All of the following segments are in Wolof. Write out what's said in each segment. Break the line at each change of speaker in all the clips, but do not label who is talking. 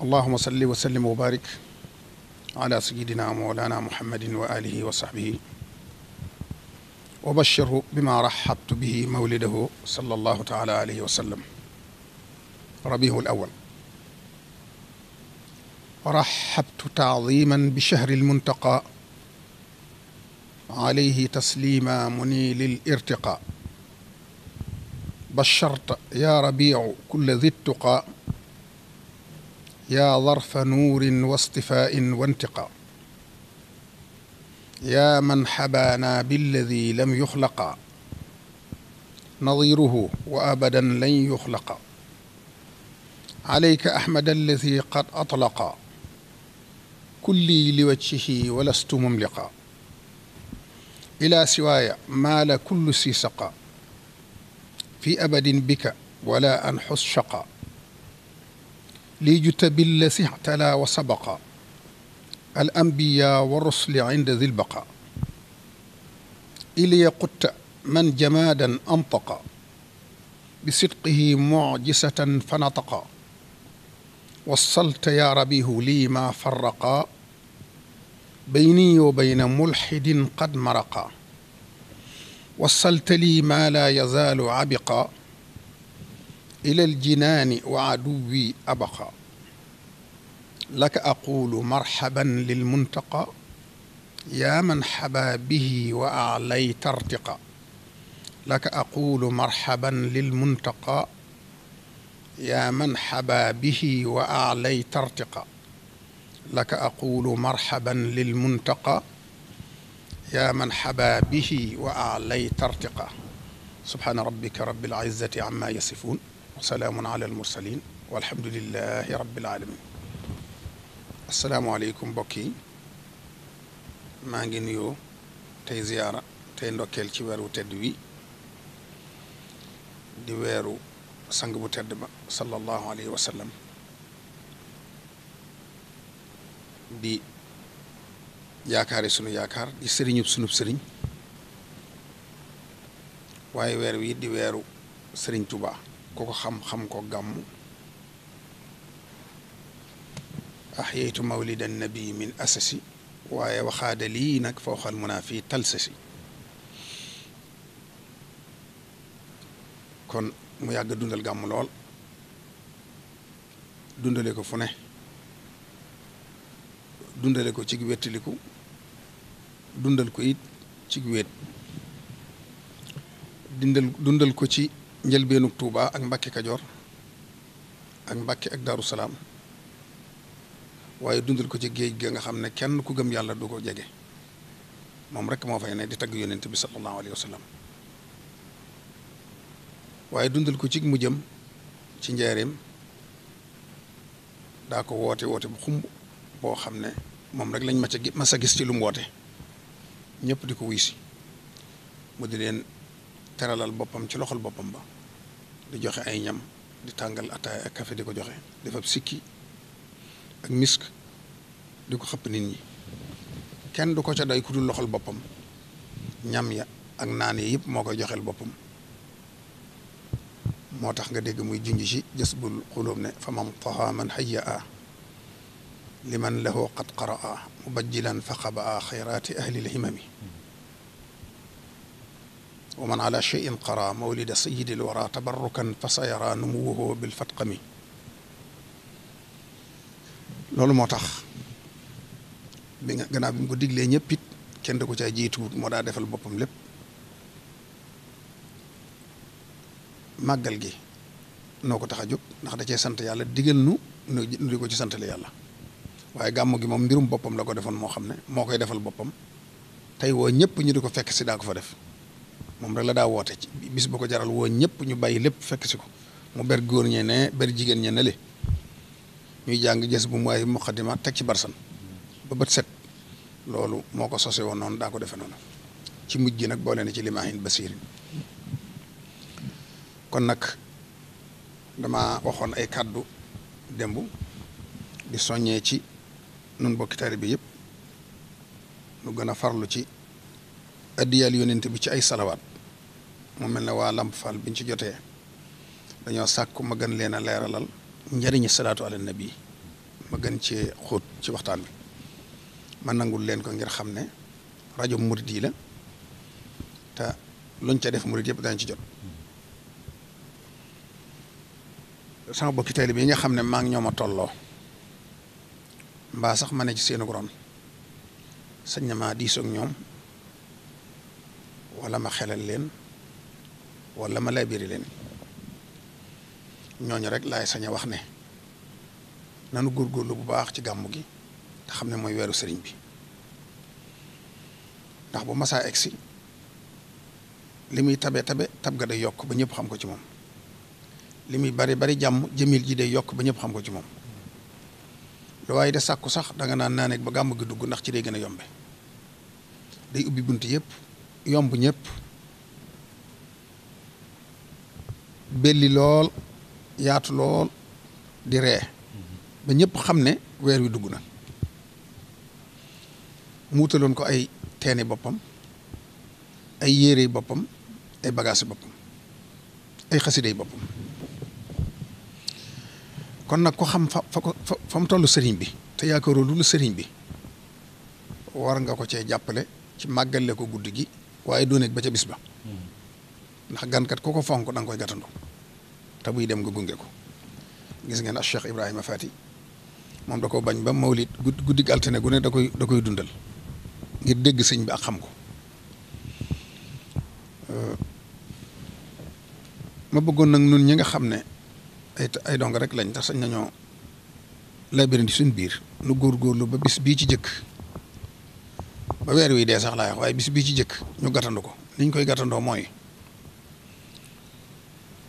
allahuma salli wa sallim wa barik ala sayidina mawlana muhammadin wa alihi wa sahbihi wa bashirhu bima rahabtu bihi mawlidahu sallallahu taala alayhi wa sallam rabihu al awal rahabtu taadiman bi shahri almuntaqa alayhi taslima muni lil irtiqa basharta ya rabiu kulla di ttuqa yaa darfa nuurin wa istifaain wa intiqaa yaa man xabaanaa billadi lam yuxlaqa nadiruhu wa abadan lan yuxlaqa alayka axmad alladi qad atlaqa kullii liwajhihi walastu mumliqa ilaa siwaaya maala kullu si saqa fi abadin bika wala an xus shaqa ليجتبل سعتلا وسبقا الأنبياء والرسل عند ذي البقاء إلي قدت من جمادا أنطقا بصدقه معجسة فنطقا وصلت يا ربيه لي ما فرقا بيني وبين ملحد قد مرقا وصلت لي ما لا يزال عبقا ilal jinaani wa aduwi abaqa laka aqulu marxaban lil muntaqa yaa man xabaa bihi wa aalayta artiqa laka aqulu marxaban lil muntaqa yaa man xabaa bihi wa aalayta artiqa laka aqulu marxaban lil muntaqa yaa man xabaa bihi wa aalayta artiqa subxaana rabbika rabbil izzati amma yasifuun salaamun ala almursalin walhamdulilahi rabbil alamin mbokk yi maa ngi nuyoo tey ziyaara tey ndokkeel ci weeru tedd wi di weeru sang bu tedd ba sallallahu alayhi wa sallam di yaakaari sunu yaakaar di sëriñub sunub sëriñ waaye weer wi di weeru sëriñ Tuubaa ku ko xam-xam ko gàmm axyeytu mawlida nabi min asasi waaye waxaada lii nag fooxal munaa fii talsasi kon mu yàgg dundal gàmm lool dundale ko fu ne dundale ko cig wettiliku dundal ko it cig wet dundal ko ci njëlbeenu Touba ak Mbacke Kajoor ak Mbacke ak Daaru Salaam waaye dundal ko ci géej ga nga xam ne kenn ku gëm yàlla du ko jege moom rek moo fay ne di tagg yonent bi sallallahu alayhi wa waaye dundal ko ci mu jëm ci njaareem daa ko woote woote bu xumb boo xam ne moom rek lañ ma ca mas gis ci lu mu woote ñëpp di ko wuy si mu di leen teralal boppam ci loxol boppam ba di joxe ay ñam di tàngal ataay ak café di ko joxe dafa sikki ak misk di ko xëpp nit ñi kenn du ko ca day ku loxol boppam ñam ya ak naan yi yëpp moo koy joxel boppam moo tax nga dégg muy junj ci jasbul xulóob ne fa man taha man xaya a liman lahu qad qaraa mubajjilan faqaba a xayraati ahli lhimami wa man ala cheyin qara mawlida sayidil wara tabarrukan fa sa yara numuwuhu bil fatqami loolu moo tax bi nga gannaaw bi mu ko diglee ñëpp it kenn da ko caa jiituwut moo daa defal boppam lépp màggal gi noo ko tax a jóg ndax da cee sant yàlla digal nu nu di ko ci santale yàlla waaye gàmm gi moom mbirum boppam la ko defoon moo xam ne moo koy defal boppam tey woo ñëpp ñu di ko fekk si daa ko fa def moom rek la daa woote ci bis bu ko jaral woo ñëpp ñu bàyyi lépp fekk si ko mu ber góor ñee ne ber jigéen ñe ne le ñuy jàng jës bu mu ay muqaddima teg ci barsan ba bët set loolu moo ko sose woon noonu daa ko defe noonu ci mujj gi nag boo leen ci limaahin basirin kon nag dama waxoon ay kàddu démb di soññee ci nun bokki taari bi yëpp nu gën a farlu ci addiyal yonent bi ci ay salawaat mu mel ne waa Lamp Fall biñ ci jotee dañoo sàkk ma gën leen a leeralal njëriñu salaatu ala nabi ma gën cee xóot ci waxtaan bi ma nangul leen ko ngir xam ne rajo murid yi la te luñ ca def murid yëpp dañ ci jot sama bokki taalibe yi nga xam ne maa ngi ñoo ma tolloo mbaa sax ma ne ci seenu ron sañ na maa diisoog ñoom wala ma xelal leen wala ma laabiri leen ñooñu rek laay sañ wax ne nanu góorlu bu baax ci gàmmu gi te xam ne mooy weeru sëriñ bi ndax bu masaa egsi li muy tabe tabe tab ga day yokk ba ñëpp xam ko ci moom li muy bari bari jàmm jëmil ji day yokk ba ñëpp xam ko ci moom lu waaye de sàkku sax danga naan naa nekk ba gàmm gi dugg ndax ci day gën a yombe day ubbi bunt yëpp yomb ñëpp belli lool yaatu lool di ree ba ñëpp xam ne weer wi dugg na mu wutaloon ko ay teeni boppam ay yérey boppam ay bagaasi boppam ay xasiday boppam kon nag ko xam fa fa ko fa mu toll sëriñ bi te yaakaaroo lu sëriñ bi war nga ko cee jàppale ci màggale ko guddi gi waaye dooneeg ba ca bis ba ndax gankat ku ko fonk da koy gàttandu te buy dem nga gunge ko gis ngeen ak Cheikh Ibrahima Fati moom da ko bañ ba mawlid guddi altine gu ne da koy da koy dundal ngir dégg sëñ bi ak xam ko ma bëggoon nag nun ñi nga xam ne ay ay dong rek lañ tax sañ nañoo labirindi suñ biir nu góorgóorlu ba bis bii ci jëkk ba weer wi dee sax laa wax waaye bis bii ci jëkk ñu gàttandu ko niñ koy gàttandoo mooy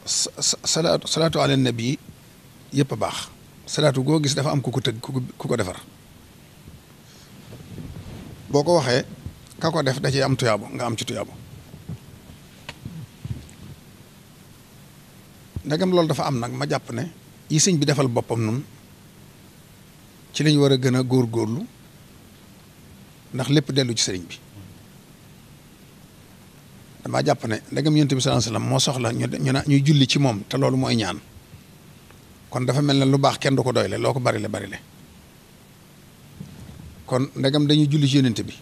salaatu salaatu ala nabi yépp a baax salaatu koo gis dafa am ku ko tëgg ku ko defar boo ko waxee ka ko def da ci am tuyaabu nga am ci tuyaabu ndegam loolu dafa am nag ma jàpp ne yi sëñ bi defal boppam nun ci lañ war a gën a góor góorlu ndax lépp dellu ci sëñ bi damaa jàpp ne ndegam yonent bi sallallahu alayhi wasallam moo soxla ñu ñu ñuy julli ci moom te loolu mooy ñaan kon dafa mel ne lu baax kenn du ko doyle loo ko bari le bari le kon ndegam dañuy julli ci yonent bi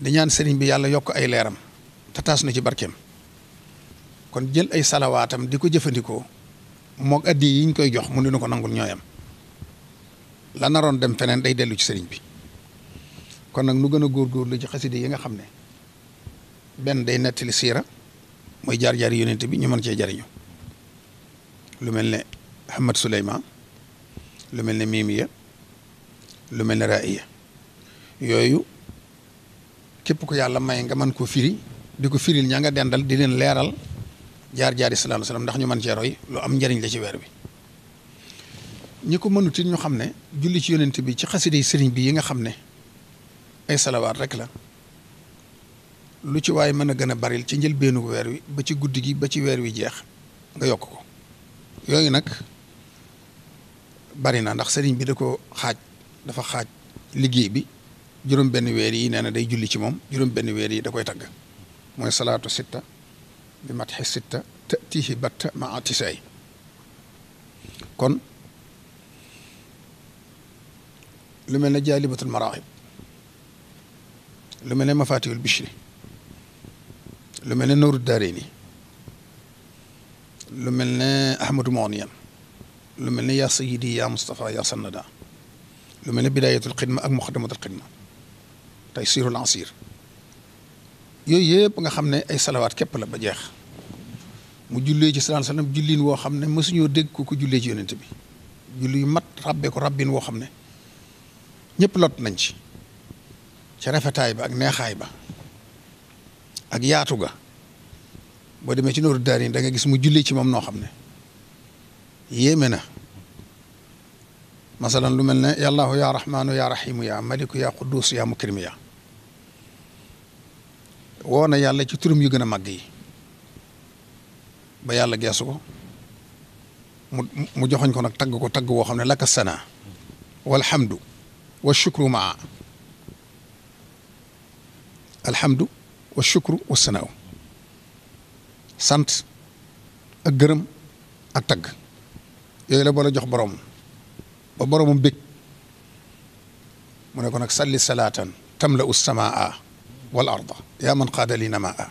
di ñaan sëriñ bi yàlla yokk ay leeram te taas na ci barkeem kon jël ay salawaatam di ko jëfandikoo moog addi yi ñu koy jox mu nu ko nangul ñooyam la naroon dem feneen day dellu ci sëriñ bi kon nag nu gën a góorgóorlu ci xasida yi nga xam ne benn day nettali siira mooy jaar-jaar yonent bi ñu mën cee jariñu lu mel ne Ahmad Suleyman lu mel ne Mimiya lu mel ne Raiya yooyu képp ku yàlla may nga mën koo firi di ko firil ñaa nga dendal di leen leeral jaar-jaari salaam salaam ndax ñu man cee roy loo am njëriñ la ci weer bi ñi ko mënut it ñu xam ne julli ci yonent bi ci xasida yi sëriñ bi yi nga xam ne ay salawaat rek la lu ci waay mën a gën a baril ci njëlbeenu weer wi ba ci guddi gi ba ci weer wi jeex nga yokk ko yooyu nag bari na ndax sëriñ bi da ko xaaj dafa xaaj liggéey bi juróom benn weer yi nee na day julli ci moom juróom benn weer yi da koy tagg mooy salaatu sitta bi matxi sitta tatihi batta ma atisaay kon lu mel ne jaalibatul maraaxib lu mel ne mafaatihul bichri lu mel ne Nuuru Daarayni lu mel ne Ahmadu Moniyan lu mel ne yaa sayidi yaa Moustapha yaa Sanada lu mel ne Bidaayatul Xidma ak Muqaddamatul Xidma tey siirul ansir yooyu yëpp nga xam ne ay salawaat képp la ba jeex mu jullee ci salaam salaam julliin woo xam ne mësuñoo dégg ko ko jullee ci yonent bi julli yu mat ràbbee ko ràbbin woo xam ne ñëpp lot nañ ci ca rafetaay ba ak neexaay ba ak yaatu ga boo demee ci nooru daar yi da gis mu julli ci moom noo xam ne yéeme na masalan lu mel ne yàllaahu ya rahmaanu yaa rahimu yaa maliku yaa quddus yaa mukrim yaa woo na yàlla ci turam yu gën a màgg yi ba yàlla geesu ko mu joxoñ ko nag tagg ko tagg woo xam ne laka sana walhamdu wa shukru maa alhamdu wa shukru wa sanaaw sant ak gërëm ak tagg yooyu la boole jox boroom ba boroomu bég mu ne ko nag salli salaatan tamla u samaa wal arda yaa man qaada li namaa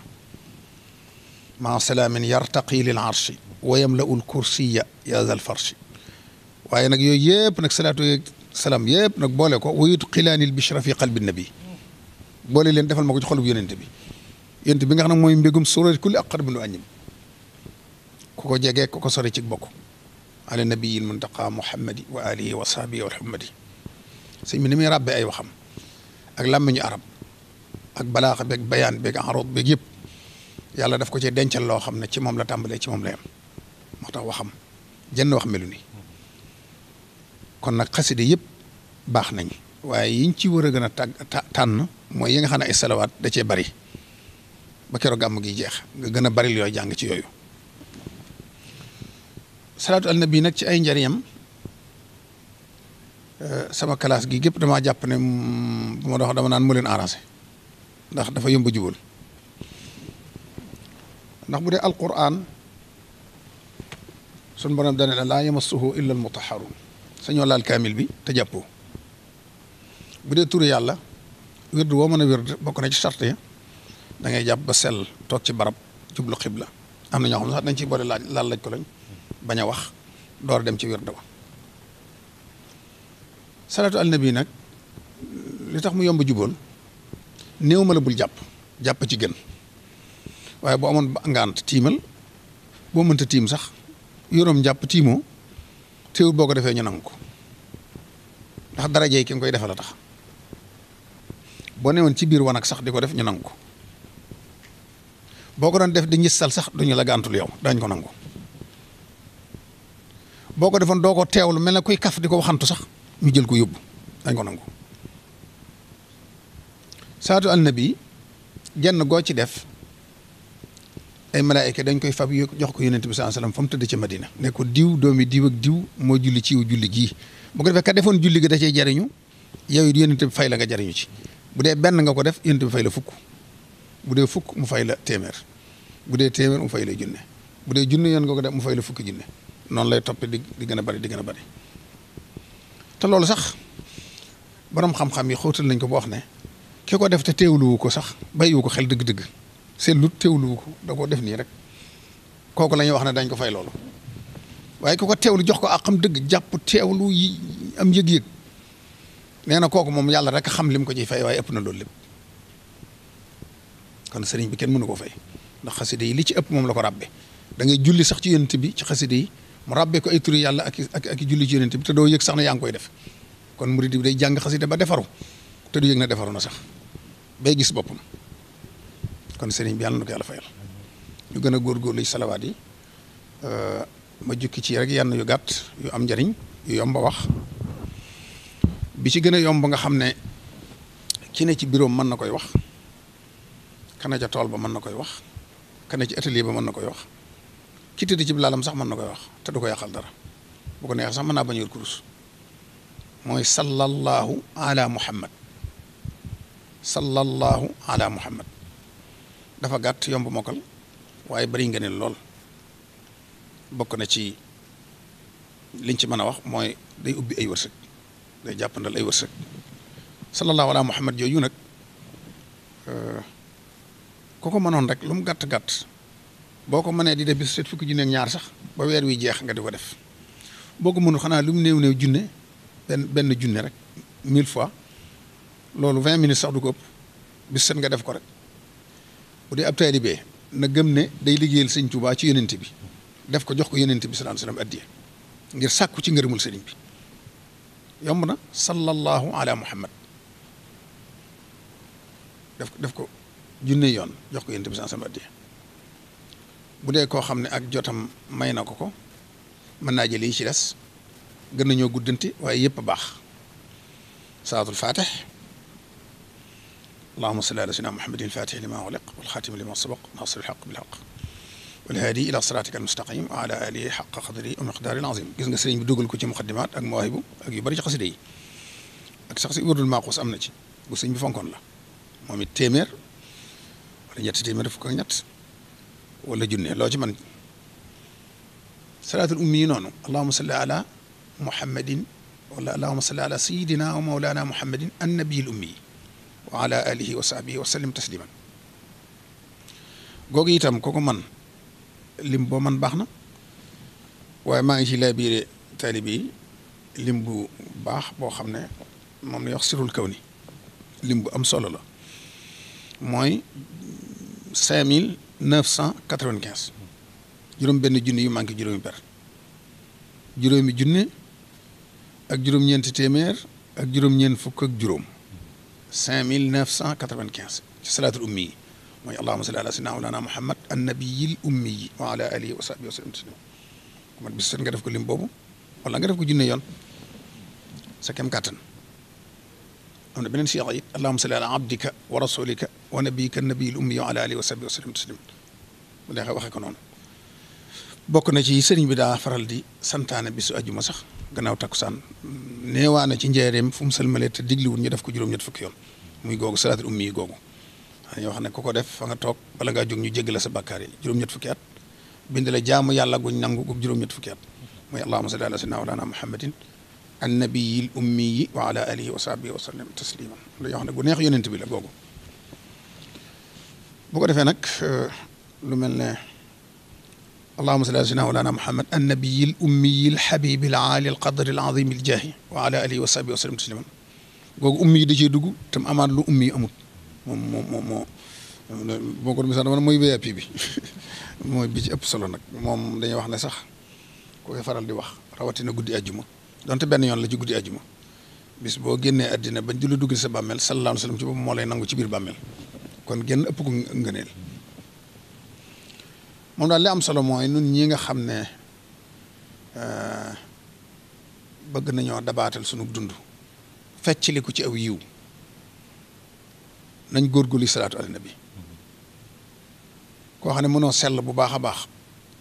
maa salaamin yartaqi lil arshi wa yamla'u l kursiya yaa zal farshi waaye nag yooyu yëpp nag salaatu yeeg salaam yëpp nag boole ko wayut xilaanil bishra fi qalbi nabi boole leen defal ma ko ci xolub yonente bi yonent bi nga xam ne mooy mbégum suurat kulli ak xarbinu añim ku ko jegee ku ko sori ci bokk ala nabiyil muntaqa muhammadi wa alihi wa sahbihi wa rahmadi sëñ bi ni muy ràbbe ay waxam ak làmmiñu arab ak balaaxa beeg bayaan beeg arut beeg yëpp yàlla def ko ci dencal loo xam ne ci moom la tàmbalee ci moom la yem moo tax waxam jënn wax melu ni kon nag xaside yëpp baax nañ waaye yiñ ci war a gën a tàgg tànn mooy yi nga xam ne ay da cee bari ba keroog gàmm gi jeex nga gën a baril yooyu jàng ci yooyu salaatu al nag ci ay njariñam euh, sama kalaas gi gépp dama jàpp ne mm, bu ma dox dama naan mu leen arrangé ndax dafa yomb jubal ndax bu dee alquran sun borom dane la laa yamassuhu illa al mutahharun sañoo laal kaamil bi te jàppoo bu dee turu yàlla wird woo mën a wird bokk na ci charte ya dangay jàpp ba sel toog ci barab jublu xibla am na ñoo xam ne sax dañ ciy boole laaj laaj ko lañ bañ a wax door dem ci wird ba salaatu alnabi nag li tax mu yomb juboon néew ma la bul jàpp jàpp ci gën waaye boo amoon ngaant tiimal boo mënta tiim sax yoroom jàpp tiimoo teewul boo ko defee ñu nangu ko ndax daraje ki nga koy defal la tax boo newoon ci biir wanag sax di ko def ñu nangu ko boo ko doon def di ñissal sax duñu la gàntul yow dañ ko nangu ko defoon doo ko teewlu mel na kuy kaf di ko sax ñu jël ko yóbbu dañ ko nangu salaatu annabi genn goo ci def ay malaayka dañ koy fab jox ko yonent bi sallallahu alayhi wasallam fa mu tëdd ca Madina ne ko diw doomi diw ak diw moo julli ciw julli gii bu ko defee ka defoon julli gi da cee jariñu yow it yonent bi fay la nga jariñu ci bu dee benn nga ko def yonent bi fay la fukk bu dee fukk mu fay la téeméer bu dee téeméer fay la junne bu dee junne yoon nga ko def mu fay la fukki junne noonu lay toppee di di gën a bari di gën a bari te loolu sax borom xam-xam yi xóotal nañ ko ba wax ne ki ko def te teewluwu ko sax bàyyiwu ko xel dëgg-dëgg seetlu teewluwu ko da koo def nii rek kooku la wax ne dañ ko fay loolu waaye ki ko teewlu jox ko ak xam dëgg jàpp teewlu yi am yëg-yëg nee na kooku moom yàlla rek xam lim ko ciy fay waaye ëpp na loolu lépp. kon sëriñ bi kenn mënu ko fay ndax xaside yi li ci ëpp moom la ko ràbbe da ngay julli sax ci yonent bi ci xaside yi mu ràbbe ko ay turi yàlla ak ak ak julli ci yonent bi te doo yëg sax na yaa ngi koy def kon murid bi day jàng xaside ba defaru te du yëg na defaru na sax bay gis boppam kon sëriñ bi yàlla na ko yàlla fayal ñu gën a góorgóorlu ci salawaat yi ma jukki ci rek yenn yu gàtt yu am njariñ yu yomb wax bi ci gën a yomb nga xam ne ki ne ci biroom mën na koy wax kana ca tool ba mën na koy wax kana ci atelier ba mën na koy wax ki tëdd ci laalam sax mën na koy wax te du ko yàqal dara bu ko neexee sax mën naa bañ a yor kurus mooy sallallahu ala muhammad sallallahu ala muhammad dafa gàtt yomb mokkal waaye bari nga lool bokk na ci liñ ci mën a wax mooy day ubbi ay wërsëg day jàppandal ay wërsëg sallallahu ala muhammad yooyu nag. Euh, ku ko mënoon rek lu mu gàtt gàtt boo ko mënee di de bis set fukki junne ñaar sax ba weer wi jeex nga di ko def boo ko mënul xanaa lu mu néew néew junne benn benn junne rek mille fois loolu vingt minutes sax du ko ëpp bis set nga def ko rek bu dee ab taalibe na gëm ne day liggéeyal sëñ Tuubaa ci yonent bi def ko jox ko yonent bi sallallahu alayhi wasallam addiya ngir sàkku ci ngërëmul sëriñ bi yomb na sallallahu ala muhammad def ko def ko junne yoon jox ko yonent bi sallallahu alayhi bu dee koo xam ne ak jotam may na ko ko mën naa jël yi ci des gën nañoo guddanti waaye yëpp baax salaatul fatih allahuma salli ala sayyidina muhammadin fatih lima uliq walxaatimi lima sabaq nasir alxaq bilxaq walhaadi ila siratika almustaqim wa ala alihi xaqa qadri wa miqdaari alazim gis nga sëriñ bi dugal ko ci muqaddimaat ak mawaahibu ak yu bari ci xasida yi ak sax si wurdul maaquus am na ci bu sëñ bi fonkoon la moom téeméer wala ñetti téeméer fukk ak ñett wala junne loo ci man salaatul ummi yi allahuma salli ala muhammadin wala allahuma salli ala sayidina wa muhammadin annabiyil ummi wa ala alihi wa sahbihi wa sallim tasliman googu itam kooku man lim boo man baax na waaye maa ngi ci lay biire taalibe baax boo xam ne moom la ñuy wax sirul kaw ni bu am solo la mooy cinq mille neuf cent quatre vingt quinze juróom benn junni yu manqué juróomi per juróomi junni ak juróom-ñeenti téeméer ak juróom-ñeent fukk ak juróom cinq mille neuf cent quatre vingt quinze ci salaatul ummi yi mooy allahumma salli ala sayyidina mawlana muhammad annabiyil ummi yi wa ala alihi wa sahbihi wa sallam tasliman man bis seen nga def ko lim boobu wala nga def ko junne yoon sa kem kàttan am na beneen si it allahumma salli ala abdika wa rasulika wa nabiyika nabiyil ummi wa ala alihi wa sahbihi wa sallam taslim bu neexee waxee ko noonu bokk na ci sëriñ bi daa faral di santaane bisu ajuma sax gannaaw takkusaan neewaa na ci njeereem fu mu sëlmalee te digliwul ñu def ko juróom-ñett fukki yoon muy googu salaatul ummi yi googu dañoo wax ne ku ko def fa nga toog bala ngaa jóg ñu jéggal la sa bàkkaar yi juróom-ñett fukki at bind la jaamu yàlla guñ nangu gu juróom-ñett fukki at mooy allahumma salli ala sayyidina walana muhammadin annabiyil ummi yi wa ala alihi wa sahbihi wa sallam tasliman dañoo wax ne gu neex yonent bi la googu boo ko defee nag euh, lu mel ne allahuma salli ala sayyidina walaana muhammad annabiyi l ummiyi l xabibi l aali l dugg tam amaat lu moo moo moo boo ko misaal mooy VIP bi bi ci ëpp solo nag moom dañuy wax ne sax ko koy faral di wax rawatina guddi ajjuma donte benn yoon la ci guddi ajjuma bis boo génnee addina bañ di la dugg sa bàmmeel sallallahu alayhi wa sallam ci moo lay nangu ci biir bàmmeel kon genn ëpp ko ngëneel moom daal li am solo mooy nun ñii nga xam ne euh, bëgg nañoo dabaatal sunu dund feccli ko ci aw yiw nañ góor góorgóorlu salaatu ala nabi koo xam ne mënoo sell bu baax a baax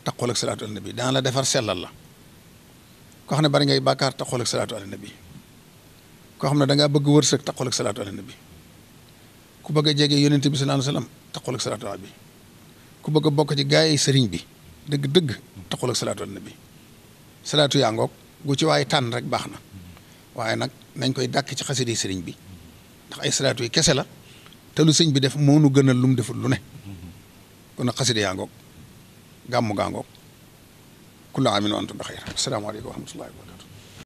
taxool ak salaatu ala nabi dana la defar sellal la koo xam ne bari ngay bàkkaar taxool ak salaatu ala nabi koo xam ne da ngaa bëgg wërsëg taxool ak salaatu ala ku bëgg a jege yonent bi sallallahu alayhi wasallam taxul ak salaatu bi ku bëgg a bokk ci gaay yi sëriñ bi dëgg-dëgg taxul ak salaatu nabi salaatu yaa ngoog gu ci waaye tànn rek baax na waaye nag nañ koy dàkk ci xasida yi sëriñ bi ndax ay salaatu yi kese la te lu sëñ bi def moo nu gënal lu mu deful lu ne kon nag xasida yaa ngoog gàmmu gaa ngoog kullu aamin wa antum bi xayr asalaamaaleykum wa